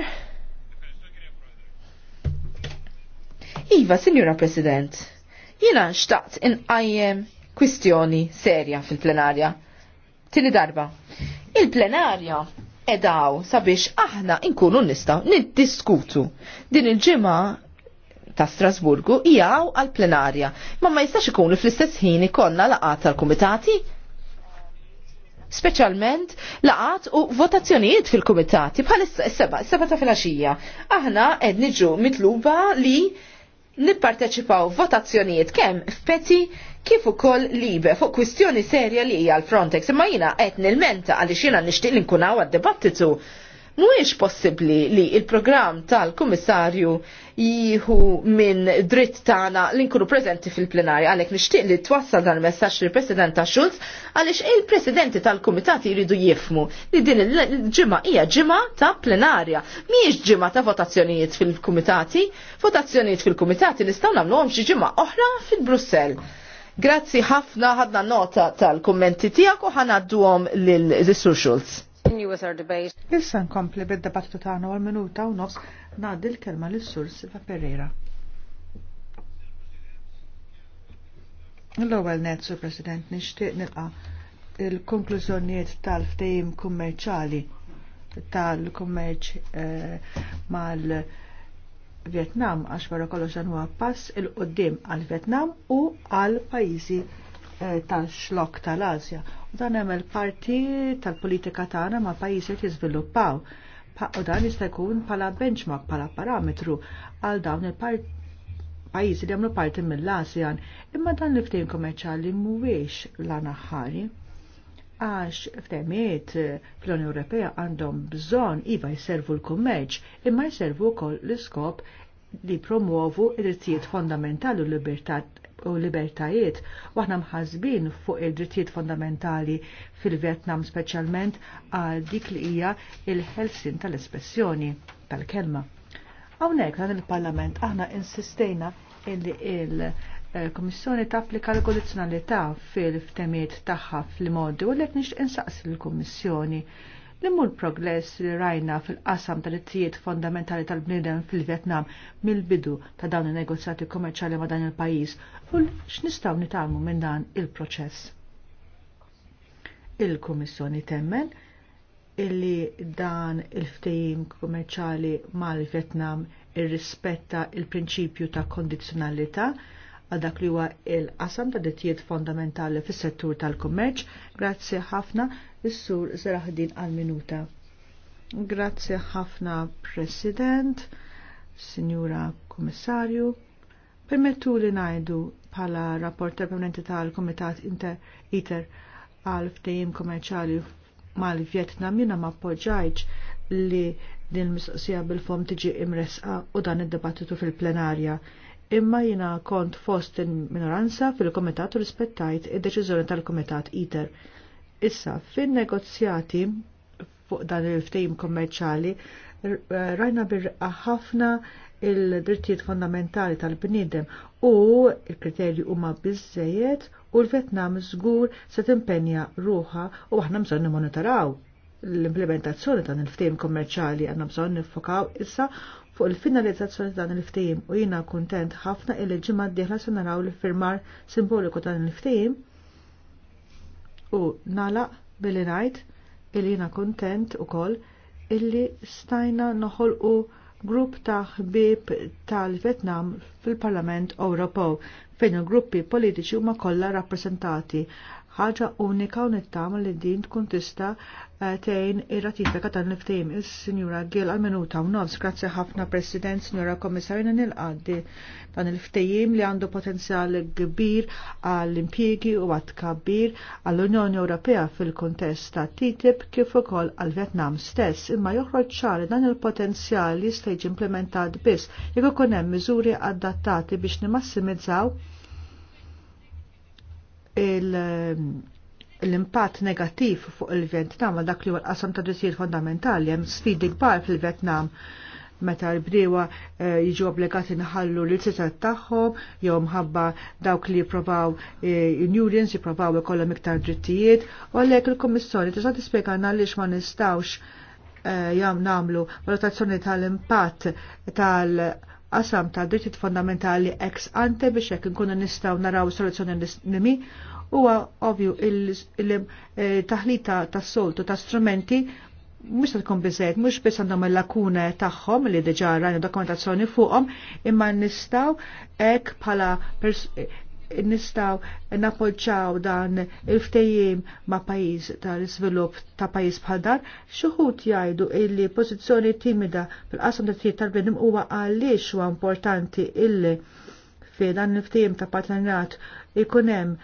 Iva, Signora President, jina nxtaqt inqajjem kwistjoni serja fil-plenarja. Tini darba. Il-plenarja edaw sabiex aħna inkunu nistaw niddiskutu. Din il-ġimgħa ta' Strasburgu jgħaw għal-plenarja, ma ma jistax ikunu fl-istess ħin ikonna laqat tal kumitati Speċjalment laqat u votazzjonijiet fil-komitati bħal seba, seba ta' filaxija. Aħna qed niġu mitluba li nipparteċipaw votazzjonijiet kemm f'peti kif ukoll libe fuq kwistjoni serja li hija l-Frontex imma jiena qed nilmenta għaliex jiena nixtieq li nkun hawn dibattitu Mhuwiex possibbli li il-programm tal-Kummissarju jieħu minn dritt tagħna li nkunu preżenti fil-plenarja għalhekk nixtieq li twassal dan il-messaġġ lill president Schulz għaliex il-Presidenti tal-Kumitati jridu jifmu li din il-ġimgħa hija ġimgħa ta' plenarja. Mhijiex ġimgħa ta' votazzjonijiet fil-Kumitati, votazzjonijiet fil-Kumitati nistgħu nagħmluhom xi ġimgħa oħra fil-Brussell. Grazzi ħafna ħadna nota tal kommenti tiegħek u ħanadduhom lil zissur Schulz. Issa nkompli bid-debattu tagħna għal minuta u nofs ngħaddi l-kelma lis sur Silva Pereira. L-ewwel net, Sur President, nixtieq nilqa' il-konklużjonijiet tal-ftehim kummerċali tal-kummerċ eh, mal- Vietnam għax wara kollox dan huwa pass il qoddim għal Vietnam u għal pajjiżi eh, tal-xlok tal-Asja. U dan hemm il-parti tal-politika tagħna ma' pajjiżi li jiżviluppaw. U dan jista' jkun bħala benchmark bħala parametru għal dawn il-parti pajjiżi li għamlu parti mill-ASEAN, imma dan l-ftehim kummerċjali mhuwiex l-anaħħari għax ftemiet eh, fl-Unjoni Ewropea għandhom bżonn iva jservu l-kummerċ imma jservu wkoll l-iskop li promuovu id-drittijiet fondamentali u u libertajiet u aħna mħazbin fuq id-drittijiet fondamentali fil-Vietnam speċjalment għal dik li hija il-ħelsin tal-espressjoni tal-kelma. Hawnhekk dan il-Parlament aħna insistejna illi il-, -il il-Kommissjoni tapplika l-kondizzjonalità fil-ftemiet tagħha fil-modi u lek nix insaqsi l komissjoni li mur progress li rajna fil-qasam tal-ittijiet fondamentali tal-bnidem fil-Vietnam mill-bidu ta' dawn il-negozjati kommerċali ma' dan il-pajis u x'nistgħu nitalmu minn dan il-proċess. Il-Kummissjoni temmen illi dan il-ftehim kummerċali mal-Vietnam irrispetta il-prinċipju ta' kondizzjonalità il għadak dak li huwa il-qasam ta' dittijiet fondamentali fis-settur tal-kummerċ. Grazzi ħafna is-sur Zeraħdin għal minuta. Grazzi ħafna President, Signora Kommissarju. Permettu li najdu bħala rapporter permanenti tal-Komitat Inter ITER għal ftejim kommerċali mal vietnam jina ma poġajċ li din mistoqsija bil-fom tiġi imresqa u dan id debattitu fil-plenarja imma jina kont fost il-minoranza fil-komitat u rispettajt id-deċiżjoni tal-komitat ITER. Issa, fin-negozjati fuq dan il-ftejim kommerċali, eh, rajna birqa ħafna il-drittijiet fondamentali tal-bnidem u il-kriterji huma bizzejiet u l-Vietnam żgur se timpenja ruħa u aħna bżonn nimmonitoraw l-implementazzjoni ta' il-ftehim kommerċali għandna bżonn nifokaw issa fuq il-finalizzazzjoni dan il-ftehim u jiena kuntent ħafna il ġimgħa d-dieħla se naraw l-firmar simboliku dan il-ftehim u nala billi ngħid il jiena kuntent ukoll illi stajna noħolqu grupp ta' ħbieb tal-Vietnam fil-Parlament Ewropew fejn il-gruppi politiċi huma kollha rappreżentati ħaġa unika u nittama li din tkun tista eh, tejn ir-ratifika tal-niftejm. Is-Sinjura Gil għal-minuta u nofs, grazzi ħafna President, Sinjura Komissarina nil-għaddi dan il-ftejim li għandu potenzjal kbir għall impiegi u għad kabir għall-Unjoni Ewropea fil-kontest ta' TTIP kif ukoll għal-Vietnam stess, imma joħroġ ċari dan il-potenzjal jista' jiġi implementat biss jekk ikun hemm miżuri adattati biex nimassimizzaw l-impatt negattiv fuq il vietnam dak li għal l-qasam ta' drittijiet fondamentali hemm sfidi kbar fil-Vjetnam meta l-briewa eh, jiġu obbligati nħallu l-izzizat tagħhom jew mħabba dawk li jipprovaw eh, unions jipprovaw ikollhom iktar drittijiet u għalhekk il-Kummissjoni tista' tispjegana għaliex ma nistgħux eh, jam namlu valutazzjoni tal-impatt tal qasam ta' drittijiet fondamentali ex ante biex hekk inkunu nistgħu naraw soluzzjoni nimi huwa ovvju il-taħlita eh, tas-soltu ta' strumenti mhux se tkun biżejt, mhux biss għandhom il-lakuna tagħhom li diġà rajna dokumentazzjoni fuqhom, imma nistgħu hekk bħala nistaw napoġġaw dan il-ftejjim ma' pajis tal-izvilup ta' pajis bħal dan, xuħut jgħidu illi pożizzjoni timida fil-qasam ta' tijiet tal-bnedem huwa għaliex huwa importanti illi fi dan il-ftejjim ta' partnerat ikun hemm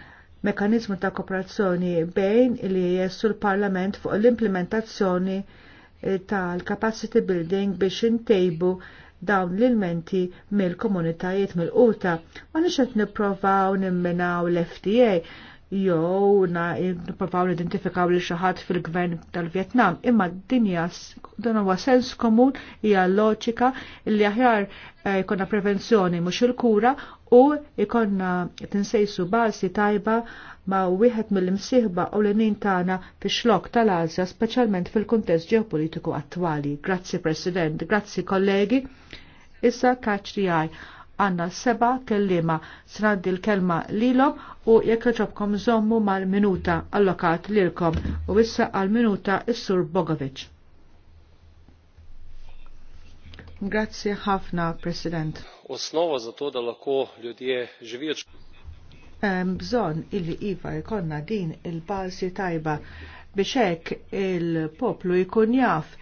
mekanizmu ta' kooperazzjoni bejn li jessu l-Parlament fuq l-implementazzjoni tal-capacity building biex intejbu dawn l-ilmenti mill-komunitajiet mill-quta. Ma nixet niprofaw nimmenaw l-FTA jew niprofaw nidentifikaw li xi ħadd fil-gvern tal-Vjetnam, imma d-dinja dan huwa sens komun hija loġika li aħjar eh, jkollna prevenzjoni mhux il-kura u ikonna tinsejsu bażi tajba ma' wieħed mill-imsieħba u l-nin tagħna fix-xlok tal azja speċjalment fil-kuntest ġeopolitiku attwali. Grazzi President, grazzi kollegi. Issa kaċ li għanna seba kellima sraddi l-kelma lilom u jekk ġobkom zommu mal-minuta allokat lilkom u issa għal-minuta is-sur Bogovic. Grazzi ħafna, President. Osnova za to da lahko ljudje živijo. Bżon illi iva jkonna din il-bazi tajba biex hekk il-poplu jkun jaf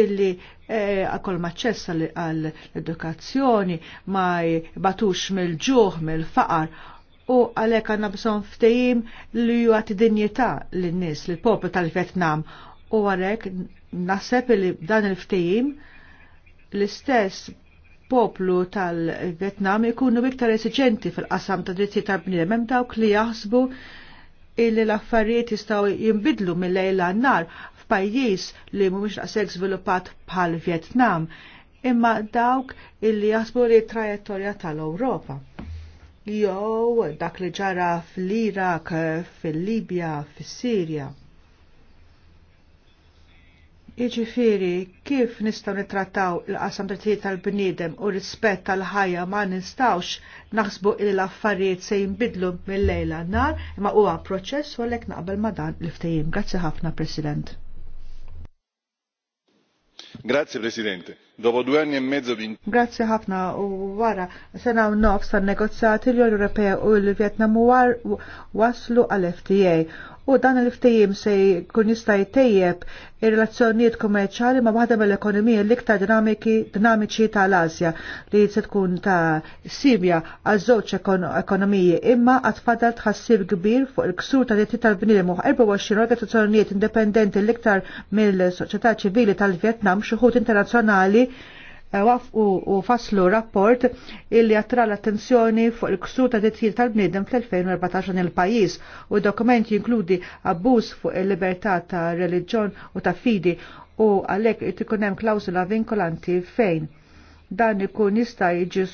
illi għakol eh, maċċess għall-edukazzjoni ma jbatux mill-ġuħ, mill-faqar u għalek għanna bżon ftejim li ju għati dinjeta l-nis, l-poplu tal-Vietnam u għalek naseb li dan il-ftejim l-istess poplu tal-Vietnam ikunu iktar esiġenti fil-qasam ta' dritti tal bnidem, hemm dawk li jaħsbu illi l-affarijiet jistgħu jinbidlu mill-lejla nar f'pajjiż li mhumiex daqshekk żviluppat bħal Vietnam imma dawk illi jaħsbu li trajettorja tal-Ewropa. Jew dak li ġara fl-Irak, fil-Libja, fis-Sirja. Jiġifieri kif nistgħu nittrattaw il-qasam drittijiet tal-bniedem u rispett tal-ħajja ma nistawx naħsbu li l-affarijiet se jinbidlu mill-lejla nar imma huwa proċess u għalhekk naqbel ma dan l-ftehim. Grazzi ħafna President. Grazie Presidente. Dopo due anni e mezzo di... Grazie ħafna u wara sena u nofs tan negozjati l europea Ewropea u l-Vjetnam waslu għal-FTA u dan l fta se jkun jista' tejjeb ir-relazzjonijiet kummerċjali ma' waħda mill-ekonomija l-iktar dinamiċi tal azja li se tkun ta' Sibja għazzoċ żewġ ekonomiji imma għatfadal tħassib kbir fuq il-ksur ta' diritti tal bnili muħ 24 organizzazzjonijiet indipendenti l-iktar mill-soċjetà ċivili tal-Vjetnam xi ħud internazzjonali Eh, wafqu u faslu rapport illi attra l-attenzjoni fuq il-ksur ta' dettil tal-bniedem fl-2014 il-pajis u dokument jinkludi abbuż fuq il-libertà ta' reliġjon u ta' fidi u għalek it-tikunem klawsula vinkolanti fejn dan ikun jista' jiġi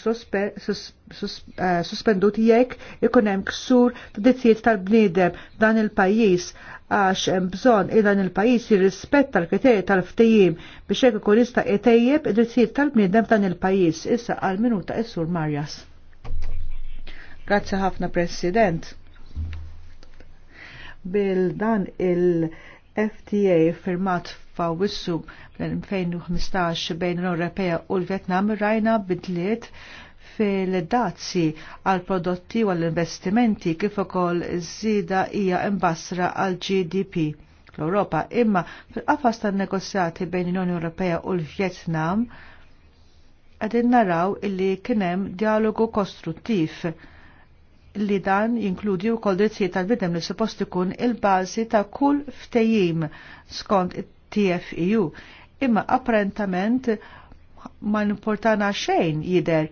suspendut eh, jekk ikun hemm ksur ta' dizzijiet tal-bniedem dan il-pajjiż għax hemm bżonn il dan il-pajjiż jirrispetta l-kriterji tal-ftehim biex hekk ikun jista' jtejjeb id-dizzijiet tal-bniedem f'dan il-pajjiż. Issa għal minuta is-Sur Marjas. Grazzi ħafna President. Bil dan il- FTA firmat fawissu fl-2015 bejn l Ewropea u l-Vietnam rajna bidliet fil-dazzi għal prodotti u għall-investimenti kif ukoll żieda hija imbassra għal GDP l-Europa. Imma fil-qafas tan-negozjati bejn l-Unjoni Ewropea u l-Vietnam għadin naraw illi hemm dialogu kostruttiv li dan jinkludi u kol drittijiet tal-bidem li suppost ikun il-bazi ta' kull ftejim skont TFEU. Imma apparentament ma importana xejn jider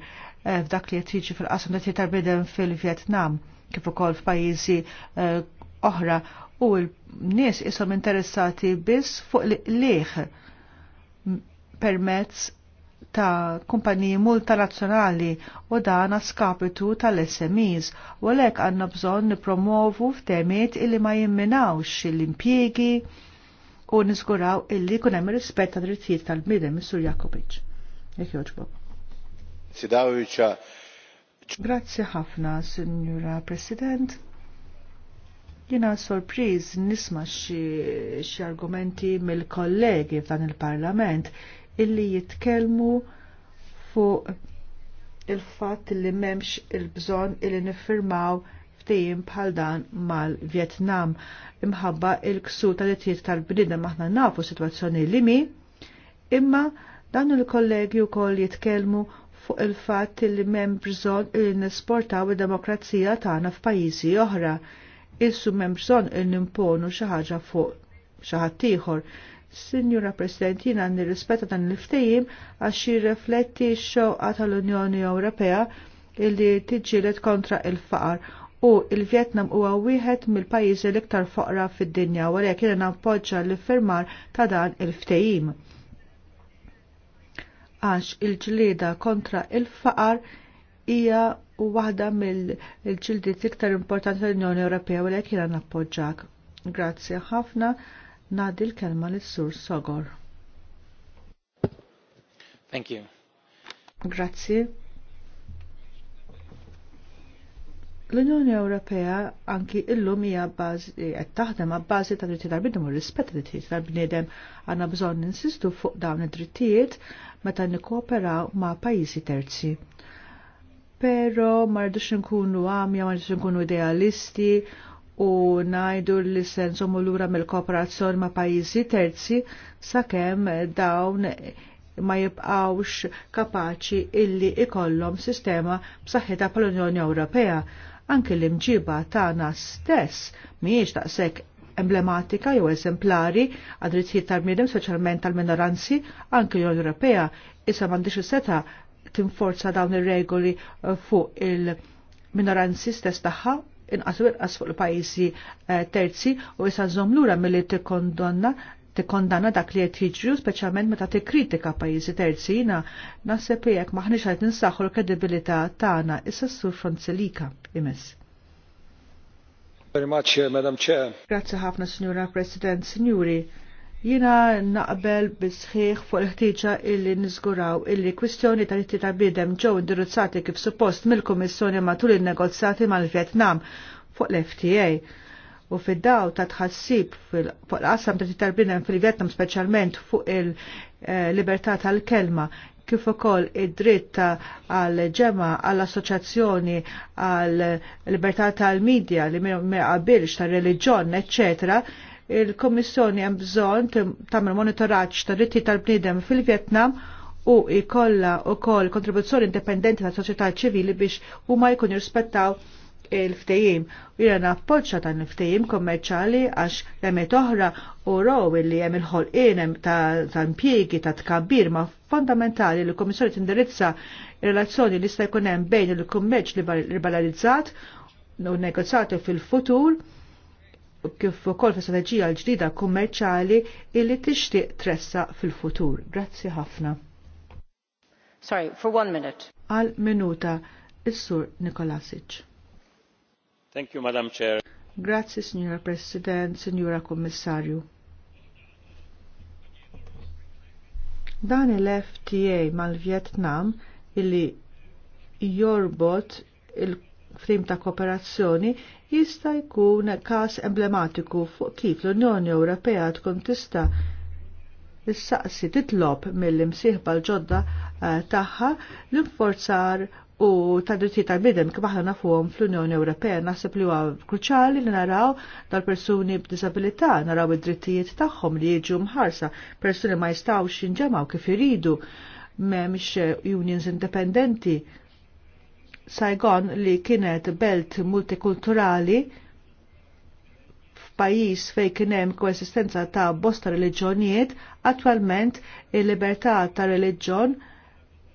eh, f'dak li jtriġi fil-qasam qed jitarbidem fil-Vjetnam kif ukoll f'pajjiżi eh, oħra u l-nies ishom interessati biss fuq liħ permezz ta' kumpaniji multinazzjonali u dan skapitu tal-SMEs u għalhekk għandna bżonn nipromovu f'temiet illi ma jimminawx l-impjiegi, u nizguraw illi kun hemm rispett ta' drittijiet tal-bniedem Mr. Jakobic. Jekk joġbok. Sidawiċa. Grazzi ħafna, Signora President. Jina sorpriż nisma xi argumenti mill-kollegi f'dan il-Parlament illi jitkellmu fuq il-fatt li memx il-bżon illi niffirmaw ftejim bħal dan mal-Vjetnam imħabba il ksur tal-etiet tal-bnidem maħna nafu situazzjoni limi, imma dan il-kollegi u koll jitkelmu fuq il-fat li mem bżon il-nesportaw il-demokrazija tagħna f'pajjiżi oħra. Issu mem bżon il-nimponu xi ħaġa fuq xi ħadd ieħor. Sinjura President, jina nirrispetta dan l-ftejim għax jirrefletti x-xoqqa tal-Unjoni Ewropea illi tiġġieled kontra il-faqar u il-Vietnam huwa wieħed mill-pajjiżi l-iktar foqra fid-dinja u għalhekk jiena nappoġġa l-iffirmar ta' dan il-ftehim. Għax il-ġlieda kontra il-faqar hija waħda mill-ġildiet iktar importanti tal-Unjoni Ewropea u għalhekk jiena nappoġġak. Grazzi ħafna Ngħaddi l-kelma lis-Sur Sogor. Thank you. Grazzi. L-Unjoni Ewropea anki illum hija bażi qed taħdem għab bażi ta' drittijiet tal-bniedem u rispett drittijiet tal-bniedem għandna bżonn ninsistu fuq dawn id-drittijiet meta nikkooperaw ma' pajjiżi terzi. Però ma rridux inkunu għamja, ma rridux inkunu idealisti u najdu li sen somu lura mill-kooperazzjoni ma' pajjiżi terzi sakemm dawn ma jibqawx kapaċi illi ikollhom sistema b'saħħitha pal-Unjoni Ewropea anke l-imġiba tagħna stess mhijiex daqshekk emblematika jew eżemplari għad-drittijiet tal-bniedem, speċjalment tal-minoranzi, anke l-Unjoni Ewropea issa m'għandix seta tinforza dawn ir-regoli eh, fuq il-minoranzi stess tagħha inqas u inqas fuq il-pajjiżi eh, terzi u issa żomm lura milli tikkondonna tikkondanna dak li qed jiġru speċjalment meta tikkritika pajjiżi terzi jiena naħseb jekk maħniex qed ninsaħħu l-kredibilità tagħna issa sur Franzilika imiss. Very much, uh, Madam Chair. Grazzi ħafna, Signora President, Sinjuri, Jina naqbel bisħiħ fuq l-ħtieġa illi niżguraw illi kwistjoni tal-itti ta' bidem ġew indirizzati kif suppost mill-Kummissjoni matul in-negozjati mal-Vjetnam fuq l-FTA u fid-daw ta' tħassib fil-qasam ta' titarbinem fil-Vietnam speċjalment fuq il-libertà tal-kelma kif ukoll id-dritt għal ġema għall assoċjazzjoni għal libertà tal-medja li ma qabilx tal-reliġjon, eccetera, il-Kommissjoni hemm bżonn tagħmel monitoraġġ tar-ritti tal-bniedem fil-Vjetnam u jkollha wkoll kontribuzzjoni indipendenti tas soċjetà ċivili biex huma jkunu jirrispettaw il-ftejim. U jira nappoċċa ta' il-ftejim kommerċali għax remet oħra u row li hemm il-ħolqien ta' impjiegi ta' tkabbir ma' fondamentali li l-Komissjoni tindirizza relazzjoni li sta' jkun hemm bejn il-kummerċ liberalizzat u negozjati fil-futur kif ukoll fi strateġija l-ġdida kummerċjali illi tixtieq tressa fil-futur. Grazzi ħafna. Sorry, for one minute. Għal minuta, is-sur Nikolasic. Thank you, Madam Chair. Grazie, Signora President, Signora Kommissarju. Dan il-FTA mal-Vietnam illi jorbot il-frim ta' kooperazzjoni jista' jkun kas emblematiku fuq kif l-Unjoni Ewropea tkun tista' s saqsi titlob mill-imsieħba l-ġodda eh, tagħha l-inforzar u ta' dritti ta' bidem kif aħna nafuhom fl-Unjoni Ewropea naħseb li huwa kruċjali li naraw tal-persuni b'disabilità, naraw id-drittijiet tagħhom li jiġu mħarsa, persuni ma jistgħux jinġemgħu kif iridu m'hemmx unions indipendenti. Saigon li kienet belt multikulturali f'pajjiż fej kien hemm koesistenza ta' bosta reliġjonijiet, attwalment il-libertà ta' reliġjon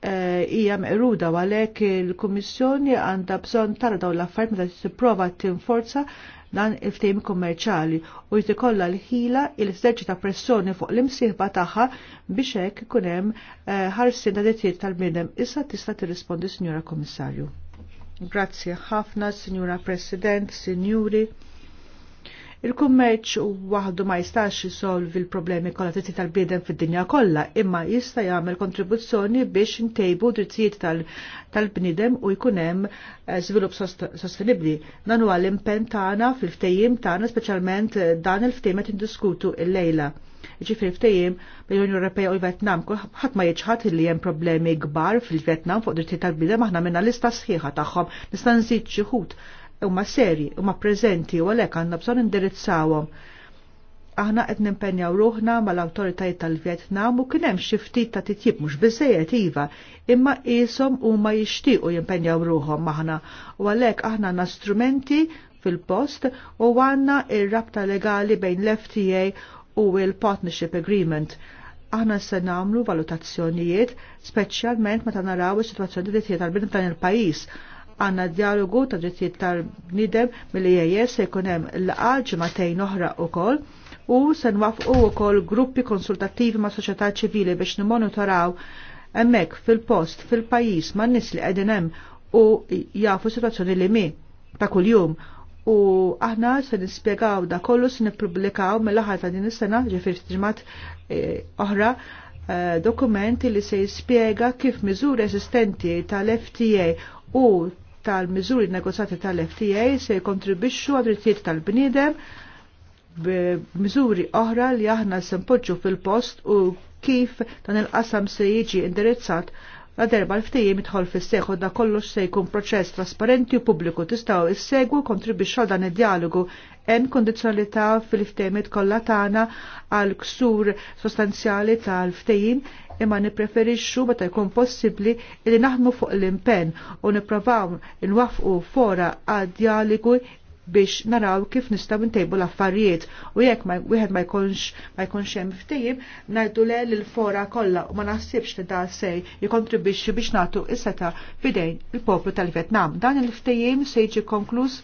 Eh, hija meqruda għalhekk il-Kummissjoni għandha bżonn tara dawn l-affarijiet meta tipprova tinforza dan il-ftehim kummerċali u jrid ikollha l-ħila il ta' pressjoni fuq l-imsieħba tagħha biex hekk ikun hemm eh, ħarsien ta' dettijiet tal-bniedem. Issa tista' tirrispondi Sinjura Kummissarju. Grazzi ħafna, Sinjura President, Sinjuri. Il-kummerċ waħdu ma jistax jisolvi l-problemi kollha tizzi tal-bidem fid-dinja kollha, imma jista' jagħmel kontribuzzjoni biex intejbu drittijiet tal-bnidem u jkun hemm eh, żvilupp sostenibbli. Dan huwa l-impenn tagħna fil-ftehim tagħna speċjalment eh, dan il-ftehim qed indiskutu l-lejla. Ġifieri ftehim bil-Unjoni Ewropea u l-Vjetnam ħadd ma jiġħad li hemm problemi kbar fil-Vjetnam fuq drittijiet tal-bidem aħna minna lista sħiħa tagħhom nista' nżid xi ma seri, huma preżenti u għalhekk għandna bżonn indirizzawhom. Aħna qed nimpenjaw ruħna mal-awtoritajiet tal-Vjetnam u kien hemm xi ftit ta' titjib mhux biżejjed iva, imma qishom huma jixtiequ jimpenjaw ruħhom aħna u għalhekk aħna għandna strumenti fil-post u għandna ir-rabta legali bejn l-FTA u l-Partnership Agreement aħna se nagħmlu valutazzjonijiet speċjalment meta naraw is-sitwazzjoni li tal-bini tan il-pajjiż għanna dialogu ta' drittijiet tal bnidem mill-IAS se jkun hemm l-qal ġimagħtejn oħra wkoll u se nwafqu wkoll gruppi konsultattivi ma' soċjetà ċivili biex nimmonitoraw hemmhekk fil-post fil-pajjiż man nies li qegħdin hemm u jafu situazzjoni li mi ta' kuljum u aħna se nispjegaw da kollu se nippubblikaw mill-aħħar ta' din is-sena ġifier ġimgħat eh, oħra eh, dokumenti li se jispjega kif miżuri esistenti tal-FTA u tal-miżuri negozjati tal-FTA se jkontribixxu għad-drittijiet tal-bniedem b'miżuri oħra li aħna sempoġġu fil-post u kif dan il-qasam se jiġi indirizzat la derba l-ftejjem idħol fis seħu da kollox se jkun proċess trasparenti u pubbliku tistgħu il kontribwixxu għal dan id-dialogu hemm kondizzjonalità fil ftejmet kollha tagħna għal ksur sostanzjali tal-ftehim imma nipreferixxu meta jkun possibbli li naħdmu fuq l-impenn u nipprovaw nwafqu fora għad dialogu biex naraw kif nistgħu ntejbu l-affarijiet u jekk ma wieħed ma jkunx ma jkunx hemm ftehim ngħidu le lil fora kollha u ma naħsibx li da sej jikontribwixxi biex nagħtu is-seta' fidejn il-poplu tal-Vjetnam. Dan il-ftehim se jiġi konkluż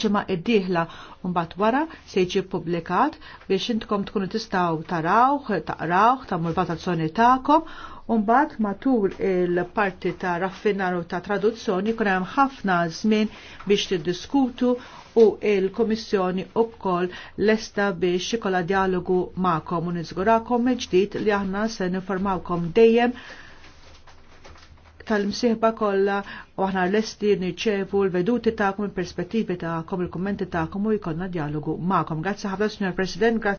ġimma id-dieħla mbagħad wara se jiġi publikat biex intkom tkunu tistgħu tarawh, taqrawh, tagħmlu l ta'kom tagħkom bat matul il-parti ta' raffinar u ta' traduzzjoni kun hemm ħafna żmien biex tiddiskutu u il-Komissjoni l lesta biex xikola dialogu ma'kom u niżgurakom mill-ġdid li aħna se informawkom dejjem tal-msieħba kollha u aħna lesti nirċevu l-veduti tagħkom, il-perspettivi tagħkom, il-kummenti tagħkom u jkollna dialogu magħkom. Grazie, ħafna, Signor President.